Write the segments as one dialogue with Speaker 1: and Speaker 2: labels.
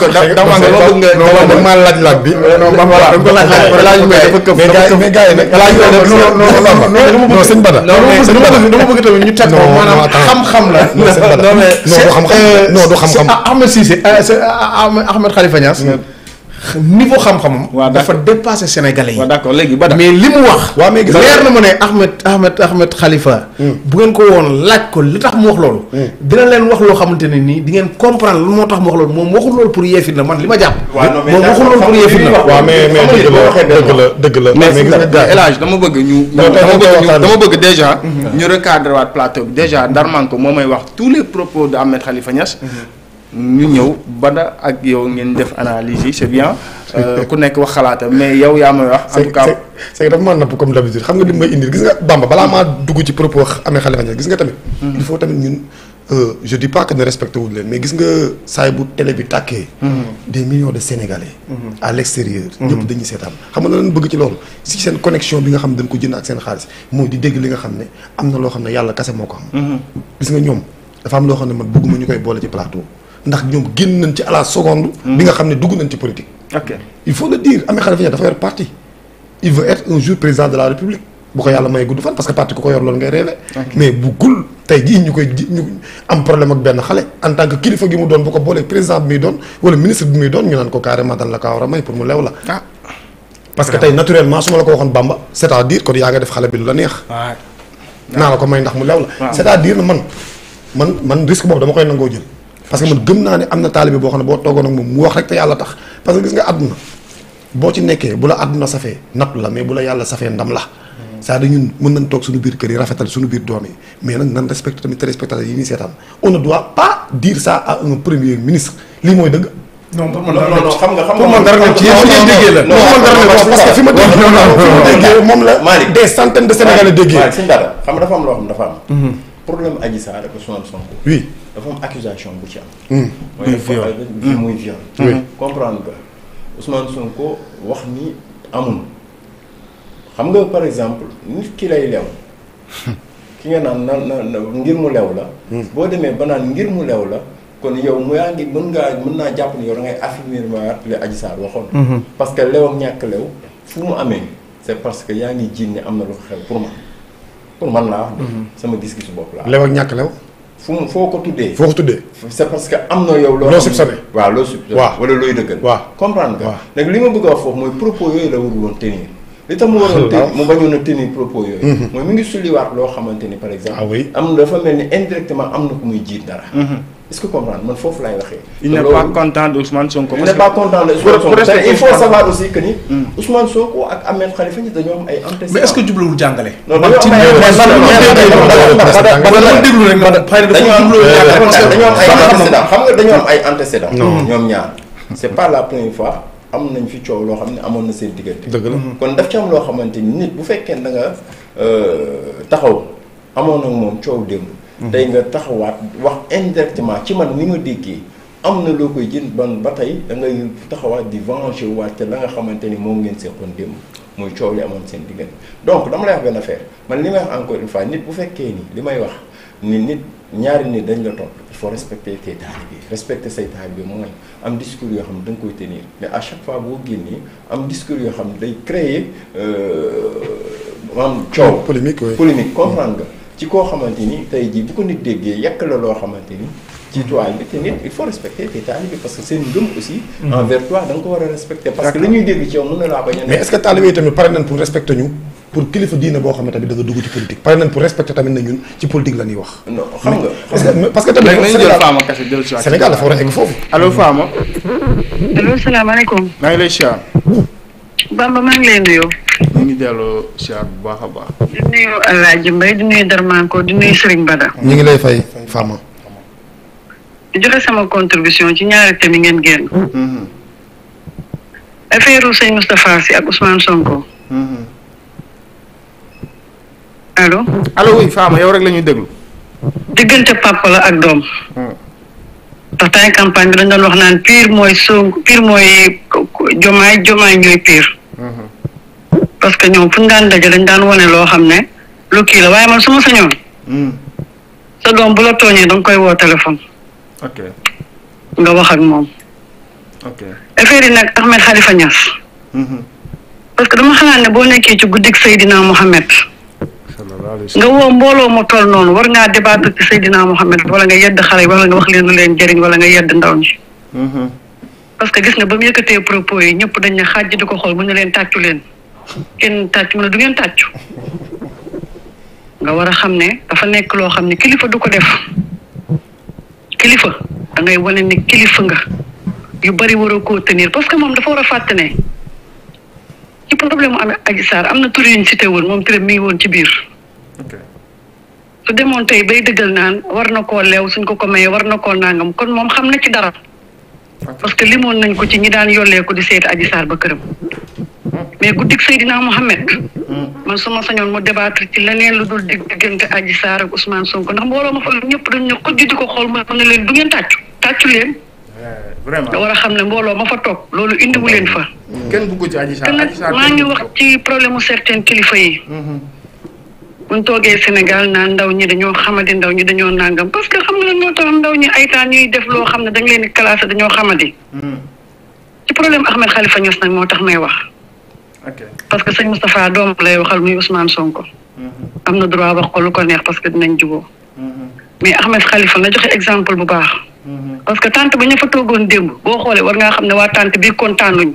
Speaker 1: d'accord dama nga ma laaj
Speaker 2: laaj bi non ma wala ko laaj laaj bi dafa këf mais gars yi nag laaj bi non non non non sëñ Bada dama bëgg tamit ñu teg ko maanaam xam-xam la non mais non euh, du xam-xam xam-xam Ahmed Cissé euh,
Speaker 3: Ahmed Khalifa Niass mm. niveau xam-xamam. dafa dépassé sénégalais yi. waaw d'accord léegi ba mais li mu wax. waaw mais leer na ma ne Ahmed Ahmed Ahmed Khalifa. Hmm. bu ngeen ko woon laaj ko li tax mu wax loolu. Hmm. dina leen wax loo xamante ne nii di ngeen comprendre lu moo tax mu wax loolu moom waxul loolu pour yeefit na man li ma jàpp. moom waxul loolu pour yeefit na. waaw mais dëgg la dëgg la mais gis nga El Hadj dama bëgg ñu. dama bëgg dama bëgg déjà. Hmm. ñu recadrer waat plateau bi déjà Darmanko moo may wax tous les propos de Ahmed Khalifa ñu ñëw bana ak
Speaker 2: yow ngeen def analyse yi c'est bien euh, ku nekk wax xalaata mais yow yaa may wax en tout xam nga li may indil gis nga Bamba balaa maa dugg ci propos amee Khalifa Niass gis nga tamit hmm. ñun euh, je dis pas que ne respecté wuñ leen mais gis nga saay bu télé bi tàkkee hmm. des millions de sénégalais hmm. à l'extérieur ñëpp xam nga lan bëgg ci loolu si seen connexion bi nga xam ne dañ ko jënd ak seen xaalis mooy di dégg li nga xam ne am na loo xam ne yàlla kase moo ko xam gis nga ñoom dafa am loo xam ne man bëgguma ñu koy boole ci plateau ndax ñoom génn nañ ci à la seconde. bi nga xam ne dugg nañ ci politique. ok il faut le dire Ahmed Khalifa Niasse dafa yor parti. il veut être un jour président de la république bu ko yàlla may gudd fan parce que ku ko yor loolu ngay rêvé. mais bu gul tey jii ñu koy ñu am problème ak benn xale en tant que kilifa gi mu doon bu ko boolee président bi muy doon wala ministre bi muy doon ñu naan ko carrément dan la kaa war a may pour mu lew la. Ah. parce que tey naturellement à dire ah. ah. man man man risque boobu dama koy nangoo parce que man gëm naa ne am na taalibe boo xam ne boo toogoon ak moom mu wax rek te yàlla tax parce que gis nga àdduna boo ci nekkee bu la àdduna safee nattu la mais bu la yàlla safee ndam la c'est-à-dire ñun mën nañ toog biir kër yi rafetal suñu biir doom mais nag nan respecté tamit téléspectateurs yi ñuy lii mooy dëgg non pour man xam nga xam nga pour man dara nekk la pour man dara nekk parce que fi ma déggee moom la xam nga
Speaker 3: dafa am loo xam dafa am mm-hmm. problème Adji Sarr ak Ousmane Sonko oui dafa am accusation bu ci am.
Speaker 2: Hmm. Hmm,
Speaker 3: hmm. muy viol muy viol. comprendre nga Ousmane wax ni amul xam nga par exemple nit ki lay lew ki nga naan na na ngir mu lew la. boo demee ba naan ngir mu lew la kon yow mu yaa ngi mën ngaa mën naa jàpp ni yow da ngay affirmer li Adji Sarr waxoon. parce que lew ak ñàkk lew fu mu amee c'est parce que yaa ngi jiin ni am na lu ko xew pour man pour man laa wax. sama gis-gisu bopp laa. lew ak ñàkk lew. fu foo ko tuddee. foo ko tuddee. c'est parce que am na yow. loo soupçonné waaw loo soupçonné. waaw wala looy dëggal. waaw comprendre nga. léegi li ma bëgg a wax foofu mooy propos yooyu la warul woon tenir. li tax mu waroon tenir mu bañoon a tenir propos yooyu. Mhm. mooy mi ngi sulliwaat loo xamante ni par exemple. ah oui am dafa mel ni indirectement am na ku muy jiit dara. Mhm. est-ce que comprendre man foofu laay waxee. il n'est pas content de Ousmane Sonko. il n'est pas content de Ousmane Sonko il faut savoir aussi que ni. Hmm. Ousmane Sonko ak Ahmed Khalifa ñi dañoo am ay antécédents. mais est-ce que jubluwul jàngale. non dañoo am ay antécédents. ñoom ñaar c'est pas la première fois am nañ fi coow loo xam ne amoon na seen diggante. dëgg la kon daf ci am loo xamante ni nit bu fekkee da nga euh, taxaw amoon ak moom coow démb day nga taxawaat wax indirectement ci man ni ma déggee am na loo koy jën ban ba tey da ngay taxawaat di venger waat te la nga xamante ni moom ngeen seqoon démb mooy coow li amoon seen diggante donc dama lay wax benn affaire man li may wax encore une fois nit bu fekkee nii li may wax ni nit ñaari nit dañ la topp il faut respecter tes taalibe respecter say taalibe mooy am discours yoo xam ne da nga koy tenir mais à chaque fois boo génnee am discours yoo xam ne day créer euh, maanaam coow polémique polémique comprendre ci koo xamante ni tey jii bu ko nit déggee yàq la loo xamante ni ci tuwaay bi te nit il faut respecter tes talibé parce que seen ngëm aussi mm-hmm. envers toi da ko war a respecter parce que li dégg ci yow mën na laa bañ a mais est que talibé tamit
Speaker 2: pare nañ pour respecter ñu pour kilifa diine boo xam nga dugg ci tamit na ñun ci politique la ñuy wax non
Speaker 1: Sénégal dafa war a egg foofu allo Fama allo salaamaaleykum maa ngi lay siyaar Bamba maa ngi ñu ngi delloo siyaar baax a baax. di nuyu El Hadj Mbaye di nuyu Darmanko di nuyu Serigne Bada. ñu ngi lay fay Fama. di joxe sama contribution ci ñaari thèmes yi ngeen génn. Mm-hmm. affaire sëñ mm-hmm. yow rek la ñuy déglu. diggante la ak doom. Mm. ndax temps campagne bi dañ doon naan pire mooy Sonko pire mooy Jomaay Jomaay ñooy pire. parce que ñoom fu ñu daan daje dañ daan wane loo xam ne lu kii la waaye man su ma sañoon. Hmm. sa doom bu la tooñee da nga koy woo téléphone. nga wax ak moom. ok affaire yi nag Ahmed Khalifa Niass. Hmm, hmm. parce que dama xalaat ne boo nekkee ci guddik Seydina Mohamed. nga woo mbooloo mu toll noonu war ngaa débattre ci Seydina Mohamed wala nga yedd xale yi wala nga wax leen lu leen jariñ wala nga yedd ndaw ñi. parce que gis nga ba mu yëkkatee propos yi ñëpp dañ ne xaaj di ko xool mu leen tàccu leen. kenn tàcc mu ne du ngeen tàccu nga war a xam ne dafa nekk loo xam ne kilifa du ko def kilifa da ngay wane ne kilifa nga yu bari waroo koo tenir parce que moom dafa war a fàtte ne ci problème mu amee Adji am na tur yuñ cité woon moom tërëm mi ngi woon ci biir. su demoon tey bay dëggal naan war na koo leew suñ ko ko mayee war na koo nangam kon moom xam na ci dara. parce que limoon nañ ko ci ñi daan yollee ko di seet Adji Sarr ba këram. mais guddik Seydina Mohamed. Hmm. man su sañoon mu débattre ci leneen lu dul dig diggante Adji saar ak Ousmane Sonko ndax mbooloo ma fa ñëpp dañ ñëw ko di ko xool ma ne leen du ngeen tàccu tàccu leen. Eh, vraiment war a xam ne mbooloo ma fa toog loolu indiwu leen fa. Hmm. kenn bëggu ci Adji Sarr Adji maa ngi wax ci problème mu certains kilifa yi. mu hmm. toogee Sénégal naan ndaw ñi dañoo xamadi ndaw ñi dañoo nangam parce que xam nga lan moo tax ndaw ñi ay taan ñuy def loo xam ne dañ leen di classé dañoo xamadi. ci problème Ahmed Khalifa Niass nag moo tax may wax. parce que sëñ Moustapha doom lay waxal muy Ousmane Sonko. Mm-hmm. am na droit wax ko lu ko neex parce que dinañ jubóo. Mm-hmm. mais Ahmed xalifa nga joxe exemple bu baax. Mm-hmm. parce que tante ba ñu fa toogoon démb boo xoolee war ngaa xam ne waa tante bii kontaanuñ.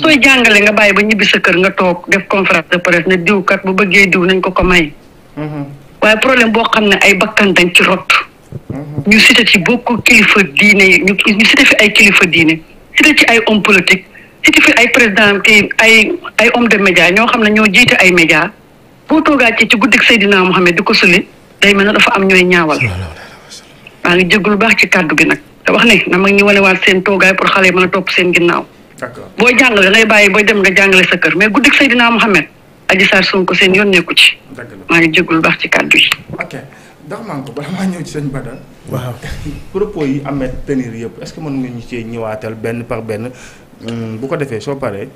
Speaker 1: sooy jàngale nga bàyyi ba ñibbi sa kër nga toog def conférence de presse ne diw kat bu bëggee diw nañ ko ko may. waaye problème boo xam ne ay bakkan dañ ci rot. ñu cité ci bokk kilifa diine ñu ñu cité fi ay kilifa diine cité ci ay si ci fi ay président ay ay homme de média ñoo xam ne ñoo jiite ay média boo toogaatee ci ci guddik Seydina Mohamed di ko suli day mel ne dafa am ñooy ñaawal maa ngi jégg lu baax ci kàddu gi nag te wax ne na mag ñi wanewaat seen toogaay pour xale yi mën a topp seen ginnaaw booy jàngale ngay bàyyi booy dem nga jàngale sa kër mais guddik Seydina Mohamed Adji Sarr ko seen yoon nekku ci maa ngi jégg lu baax ci kàddu yi
Speaker 3: ndax man ko bala maa ñëw ci sëñ Bada. waaw propos yi amee tenir yëpp est-ce que mën ñëwaatal benn par benn Euh, bu ko defee soo paree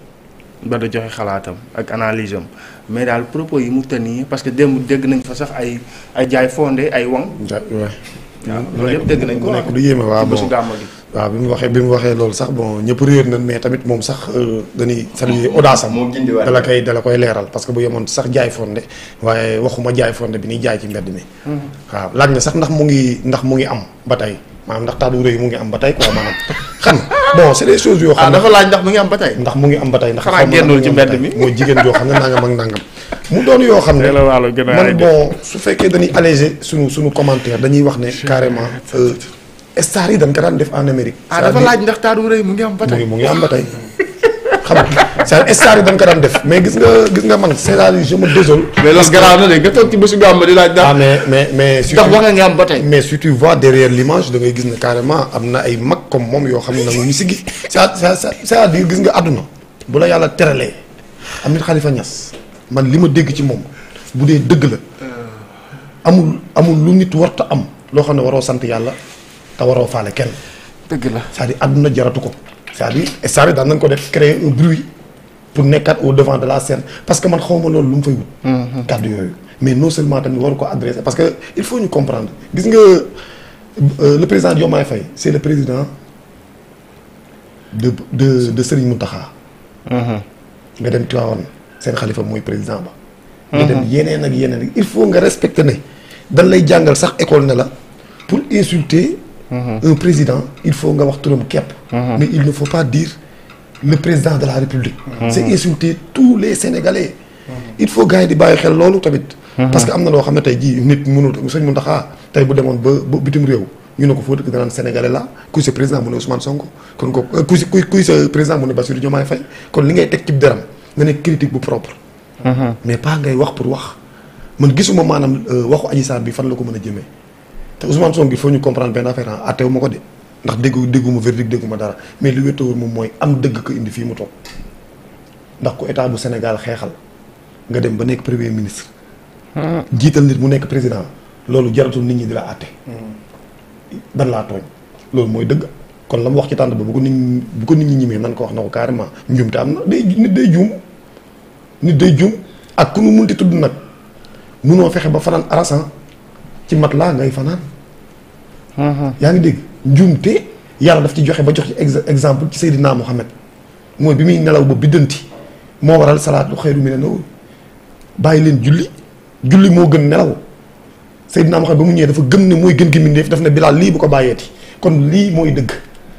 Speaker 3: ba da joxe xalaatam ak analyse am mais daal propos yi mu tënni parce que démb dégg nañ fa sax ay ay jaay fonde ay wang.
Speaker 2: waaw loolu yëpp dégg nañ ko nekk lu yéeme waaw bon waaw bi mu waxee bi mu waxee loolu sax bon ñëpp réer nañ mais tamit moom sax euh, dañuy saluer audace am dala koy dala koy leeral parce que bu yemoon sax jaay fonde waaye waxuma jaay fonde bi ni jaay ci mbedd mi mm-hmm. waaw laaj na sax ndax mu ngi ndax mu ngi am ba tey maanaam ndax taatu rëy mu ngi am ba tey quoi maanaam xam
Speaker 3: bon c'est des choses yoo xam ah, ne laaj
Speaker 2: ndax mu ngi am ba tey ndax mu ngi am ba tey ndax xanaa génnul ci mbedd mi mooy jigéen joo xam ne nangam ak nangam mu doon yoo xam ne man bon su fekkee dañuy alléger suñu suñu commentaire dañuy wax ne carrément euh, star yi dañ ko daan def en Amérique ah dafa laaj ndax taatu rëy mu ngi am ba tey mu ngi am ba tey xam c'est star yi dañ ko daan def mais gis nga gis nga man c'est-à-dire je me désole. mais loolu na de nga toog ci bésu gàmm di laaj. ah mais mais nga am ba tey. mais si gis ne carrément am na ay mag comme moom yoo xam ne nag ñu siggi c'est-à-dire gis nga àdduna bu la yàlla teralee amit Khalifa Niass man li ma dégg ci moom bu dee dëgg la amul amul lu nit warta am loo xam ne waroo sant yàlla te waroo faale kenn. dëgg la cest à àdduna jaratu ko c'est-à-dire star daan nañ ko def pour nekkaat au devant de la scène parce que man xaw ma loolu lu mu fay wut. Mm-hmm. kàddu yooyu mais non seulement tamit waru ko adressé parce que il faut ñu comprendre gis nga euh, le président Diomaye Faye c' est le président de de de Serigne Mountakha. Mm-hmm. nga dem Tivaouane seen xalifa mooy président ba. nga dem mm-hmm. yeneen ak yeneen il faut nga respecter ne dañ lay jàngal sax école ne la pour insulter. un président il faut nga wax turam képp. mais il ne faut pas dire. le président de la république c'est insulter tous les sénégalais il faut gars yi di bàyyi xel loolu tamit parce que am na loo xam ne tey jii nit mënul sëñ Mountakha tey bu demoon ba ba bitim réew ñu ne ko foo dëkk danaan sénégalais la kuy sa président mu ne Ousmane Sonko kon ko euh, kuy kuy kuy sa président mu ne Bassirou Diomaye Faye kon li ngay teg ci deram nga ne critique bu propre mais pas ngay wax pour wax man gisuma maanaam euh, waxu Adji Sarr bi fan la ko mën a jëmee te Ousmane Sonko il faut ñu comprendre benn affaire ah, ko de ndax déggu dégguma verdict dégguma dara mais lu li wétawul moom mooy am dëgg ko indi fii mu toog ndax ku état bu Sénégal xeexal nga dem ba nekk premier ministre jiital nit mu nekk président loolu jaratul nit ñi di la àtte dan laa tooñ loolu mooy dëgg kon la mu wax ci tànt ba bu ko nit ñi ñi ñimee nan ko wax na ko carrément njuum te am na day nit day juum nit day juum ak ku nu munti tudd nag munoo fexe ba fanaan arasan ci mat laa ngay fanaan yaa ngi njuumte yàlla daf ci joxe ba jox ci exemple ci Seydina Mohamed mooy bi muy nelaw ba biddanti moo waral salaatu xayru mina nawm bàyyi leen julli julli moo gën nelaw Seydina Mohamed ba mu ñëwee dafa gëm ne mooy gën gi mbindeef daf ne Bilaal lii bu ko bàyyeeti kon lii mooy dëgg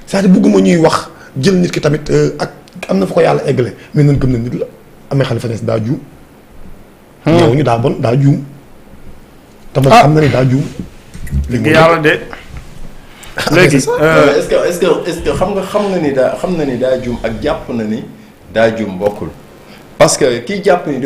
Speaker 2: c'est-à-dire ñuy wax jël nit ki tamit euh, ak am na fa ko yàlla eggale mais nan gëm na nit la amee Xalifa Ñas daa juum. ñëw hmm. ñu daa bon daa juum. ah te na ni daa juum.
Speaker 1: li mu léegi est euh, ce que est ce
Speaker 3: que est ce que xam nga xam na ni
Speaker 1: daa xam na ni daa juum ak jàpp na ni daa juum bokkul parce que jàpp ni.